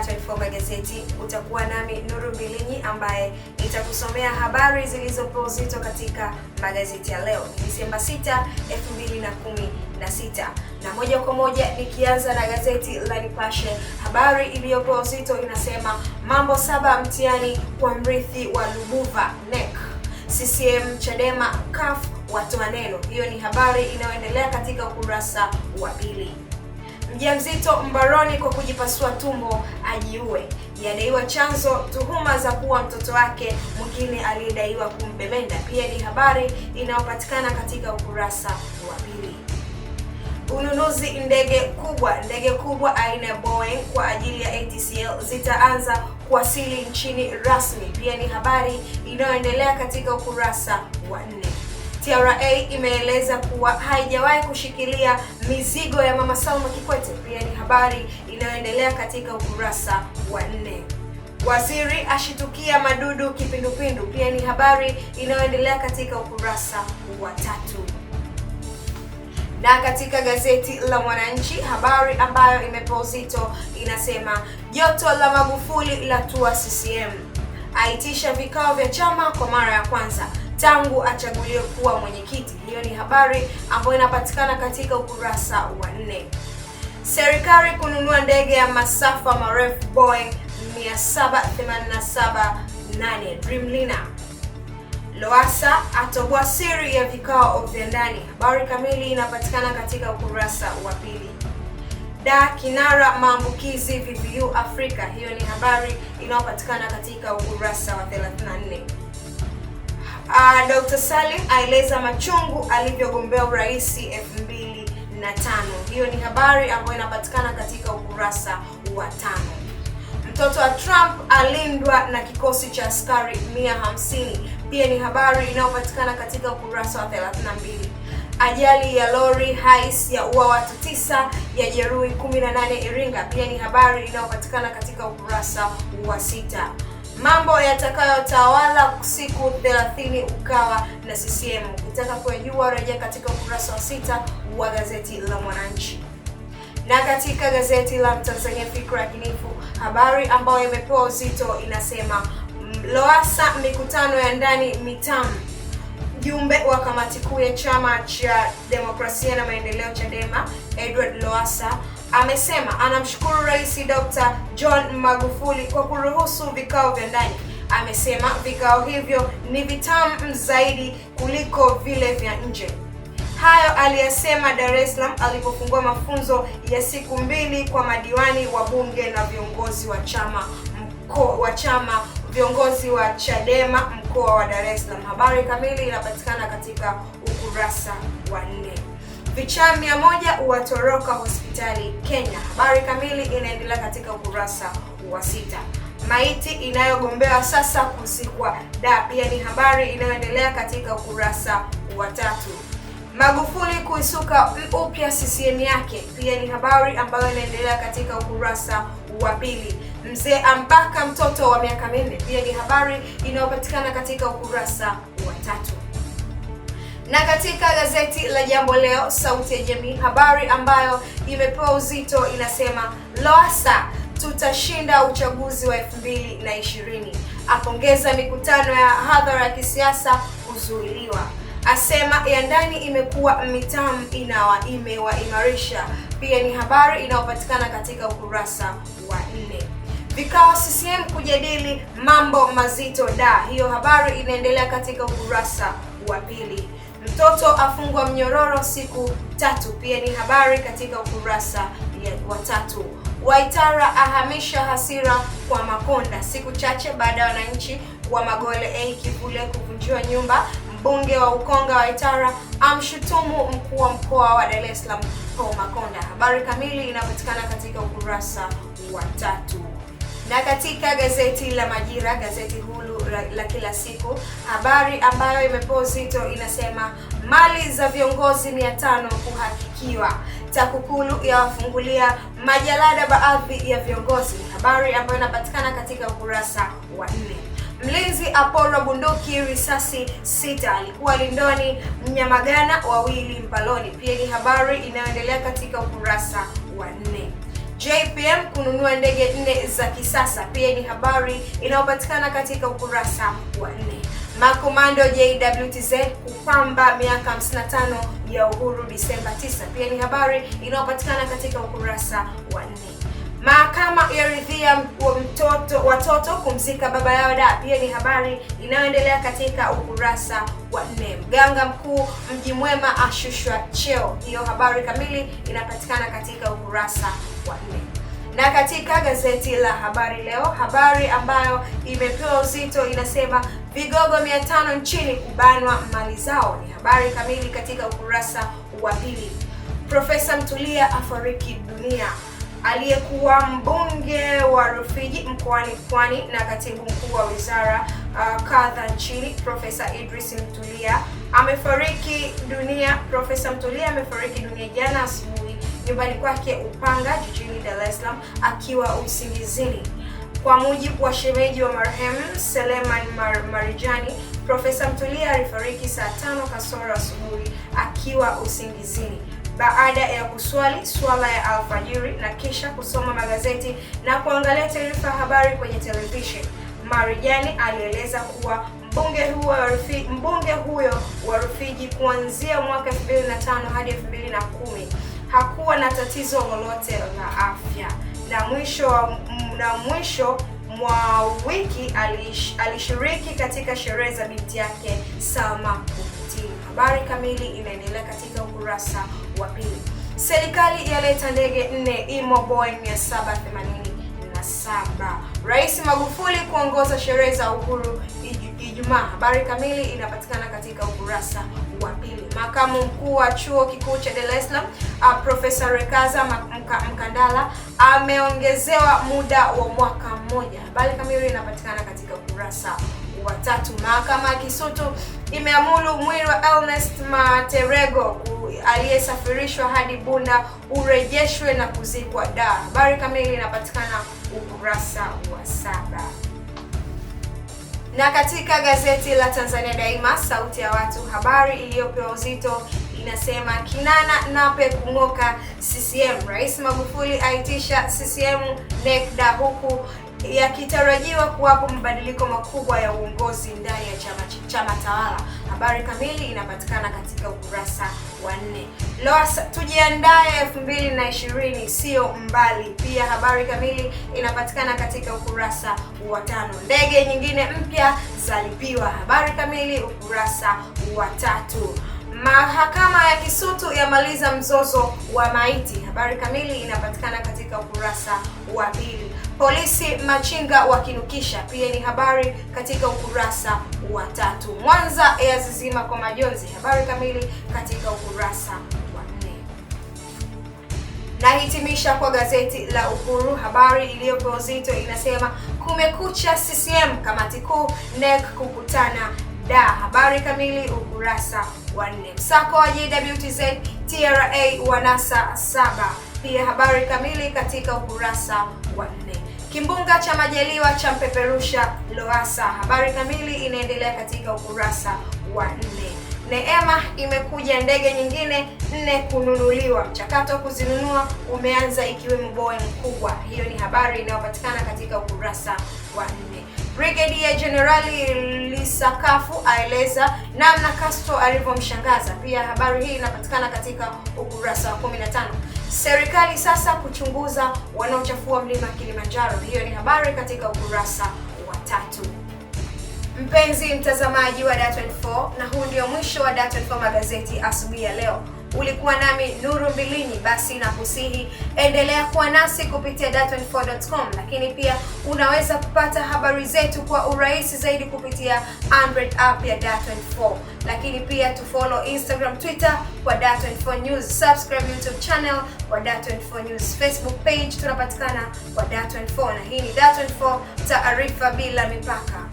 24 Magazeti utakuwa nami Nuru Mbilinyi ambaye nitakusomea habari zilizopewa uzito katika magazeti ya leo Disemba 6, 2016 na moja kwa moja nikianza na gazeti la Nipashe, habari iliyopewa uzito inasema mambo saba mtihani kwa mrithi wa Lubuva NEC, CCM, Chadema, CUF watoa neno. Hiyo ni habari inayoendelea katika ukurasa wa pili. Mjamzito mbaroni kwa kujipasua tumbo ajiue. Yadaiwa chanzo tuhuma za kuwa mtoto wake mwingine aliyedaiwa kumbemenda. Pia ni habari inayopatikana katika ukurasa wa pili. Ununuzi ndege kubwa. Ndege kubwa aina ya Boeing kwa ajili ya ATCL zitaanza kuwasili nchini rasmi. Pia ni habari inayoendelea katika ukurasa wa nne. TRA imeeleza kuwa haijawahi kushikilia mizigo ya Mama Salma Kikwete. Pia ni habari inayoendelea katika ukurasa wa nne. Waziri ashitukia madudu kipindupindu. Pia ni habari inayoendelea katika ukurasa wa tatu. Na katika gazeti la Mwananchi, habari ambayo imepewa uzito inasema joto la Magufuli la tua CCM, aitisha vikao vya chama kwa mara ya kwanza tangu achaguliwe kuwa mwenyekiti. Hiyo ni habari ambayo inapatikana katika ukurasa wa nne. Serikali kununua ndege ya masafa marefu Boeing 787 8 Dreamliner. Lowassa atoboa siri ya vikao vya ndani. Habari kamili inapatikana katika ukurasa wa pili. Da kinara maambukizi VVU Afrika. Hiyo ni habari inayopatikana katika ukurasa wa 34 uh, ah, Dr. Salim aeleza machungu alivyogombea urais 2005. Hiyo ni habari ambayo inapatikana katika ukurasa wa tano. Mtoto wa Trump alindwa na kikosi cha askari 150, pia ni habari inayopatikana katika ukurasa wa 32. Ajali ya lori hais ya uwa watu tisa ya jeruhi 18 Iringa, pia ni habari inayopatikana katika ukurasa wa sita mambo yatakayotawala siku 30 Ukawa na CCM. Ukitaka kujua, rejea katika ukurasa wa sita wa gazeti la Mwananchi na katika gazeti la Mtanzania Fikra Kinifu, habari ambayo imepewa uzito inasema Lowassa mikutano ya ndani mitamu Mjumbe wa kamati kuu ya chama cha demokrasia na maendeleo Chadema Edward Lowassa amesema anamshukuru Rais Dr. John Magufuli kwa kuruhusu vikao vya ndani. Amesema vikao hivyo ni vitamu zaidi kuliko vile vya nje. Hayo aliyasema Dar es Salaam alipofungua mafunzo ya siku mbili kwa madiwani wa bunge na viongozi wa chama mko, wa chama viongozi wa Chadema mkoa wa Dar es Salaam. Habari kamili inapatikana katika ukurasa wa nne. Vichaa mia moja watoroka hospitali Kenya. Habari kamili inaendelea katika ukurasa wa sita. Maiti inayogombewa sasa kusikwa da, pia ni habari inayoendelea katika ukurasa wa tatu. Magufuli kuisuka upya CCM yake, pia ni habari ambayo inaendelea katika ukurasa wa pili mzee ambaka mtoto wa miaka minne. Pia ni habari inayopatikana katika ukurasa wa tatu. Na katika gazeti la Jambo Leo Sauti ya Jamii, habari ambayo imepewa uzito inasema Lowassa tutashinda uchaguzi wa 2020, apongeza mikutano ya hadhara ya kisiasa kuzuiliwa, asema ya ndani imekuwa mitamu, inawa imewaimarisha. Pia ni habari inayopatikana katika ukurasa wa nne vikao CCM kujadili mambo mazito da. Hiyo habari inaendelea katika ukurasa wa pili. Mtoto afungwa mnyororo siku tatu, pia ni habari katika ukurasa wa tatu. Waitara ahamisha hasira kwa Makonda siku chache baada ya wananchi wa Magole A Kivule kuvunjiwa nyumba. Mbunge wa Ukonga Waitara amshutumu mkuu wa mkoa wa Dar es Salaam Paul Makonda. Habari kamili inapatikana katika ukurasa wa tatu. Na katika gazeti la Majira, gazeti huru la kila siku, habari ambayo imepewa uzito inasema mali za viongozi 500 kuhakikiwa. TAKUKULU yawafungulia majalada baadhi ya viongozi, habari ambayo inapatikana katika ukurasa wa nne. Mlinzi aporwa bunduki risasi sita, alikuwa Lindoni, Mnyamagana wawili Mpaloni, pia ni habari inayoendelea katika ukurasa wa nne. JPM kununua ndege nne za kisasa pia ni habari inayopatikana katika ukurasa wa nne. Makomando JWTZ kupamba miaka 55 ya uhuru Disemba 9 pia ni habari inayopatikana katika ukurasa wa nne. Mahakama yaridhia mtoto watoto kumzika baba yao da, pia ni habari inayoendelea katika ukurasa wa nne. Mganga mkuu Mji Mwema ashushwa cheo, hiyo habari kamili inapatikana katika ukurasa wa nne. Na katika gazeti la Habari Leo, habari ambayo imepewa uzito inasema vigogo 500 nchini kubanwa mali zao, ni habari kamili katika ukurasa wa pili. Profesa Mtulia afariki dunia aliyekuwa mbunge wa Rufiji mkoani Pwani na katibu mkuu wa wizara uh, kadha nchini Profesa Idris Mtulia amefariki dunia. Profesa Mtulia amefariki dunia jana asubuhi nyumbani kwake Upanga jijini Dar es Salaam akiwa usingizini. Kwa mujibu wa shemeji wa marehemu Seleman Mar Marijani, Profesa Mtulia alifariki saa tano kasoro asubuhi akiwa usingizini baada ya kuswali swala ya alfajiri na kisha kusoma magazeti na kuangalia taarifa ya habari kwenye televisheni. Marijani alieleza kuwa mbunge huyo warufi, mbunge huyo wa Rufiji kuanzia mwaka 2005 hadi 2010 hakuwa na tatizo lolote la afya na mwisho na mwisho mwa wiki alishiriki katika sherehe za binti yake Salma Bukti. Habari kamili inaendelea katika ukurasa wa pili. Serikali yaleta ndege nne Imo Boeing 787. Rais Magufuli kuongoza sherehe za uhuru Ijumaa. Habari kamili inapatikana katika ukurasa wa pili. Makamu mkuu wa chuo kikuu cha Dar es Salaam uh, Profesa Rekaza Mkandala ameongezewa muda wa mwaka mmoja. Habari kamili inapatikana katika ukurasa wa tatu. Mahakama ya Kisutu imeamuru mwili wa Ernest Materego aliyesafirishwa hadi Bunda urejeshwe na kuzikwa Dar. Habari kamili inapatikana ukurasa wa saba. Na katika gazeti la Tanzania Daima, sauti ya watu, habari iliyopewa uzito inasema Kinana Nape kung'oka CCM. Rais Magufuli aitisha CCM NECDA huku yakitarajiwa kuwapo mabadiliko makubwa ya uongozi ndani ya chama, chama tawala. Habari kamili inapatikana katika ukurasa wanne. LOAS tujiandae 2020 sio mbali. Pia habari kamili inapatikana katika ukurasa wa tano. Ndege nyingine mpya zalipiwa, habari kamili ukurasa wa tatu. Mahakama ya Kisutu yamaliza mzozo wa maiti, habari kamili inapatikana katika ukurasa wa pili. Polisi machinga wakinukisha, pia ni habari katika ukurasa wa tatu. Mwanza yazizima kwa majonzi, habari kamili katika ukurasa wa nne. Nahitimisha kwa gazeti la Uhuru, habari iliyopo uzito inasema kumekucha CCM, kamati kuu NEC kukutana da, habari kamili ukurasa wa nne. Msako wa JWTZ TRA wanasa saba, pia habari kamili katika ukurasa wa nne. Kimbunga cha Majaliwa cha mpeperusha Loasa. Habari kamili inaendelea katika ukurasa wa nne. Neema imekuja ndege nyingine nne kununuliwa. Mchakato wa kuzinunua umeanza ikiwemo Boeing kubwa. Hiyo ni habari inayopatikana katika ukurasa wa nne. Brigadier Jenerali Lisakafu aeleza namna Castro alivyomshangaza. Pia habari hii inapatikana katika ukurasa wa 15. Serikali sasa kuchunguza wanaochafua mlima Kilimanjaro. Hiyo ni habari katika ukurasa wa tatu. Mpenzi mtazamaji wa Dar24, na huu ndio mwisho wa Dar24 magazeti asubuhi ya leo. Ulikuwa nami Nuru Mbilinyi, basi nakusihi endelea kuwa nasi kupitia dar24.com, lakini pia unaweza kupata habari zetu kwa urahisi zaidi kupitia Android app ya Dar24, lakini pia tufollow Instagram, Twitter kwa Dar24 News, subscribe YouTube channel kwa Dar24 News, Facebook page tunapatikana kwa Dar24, na hii ni Dar24 taarifa bila mipaka.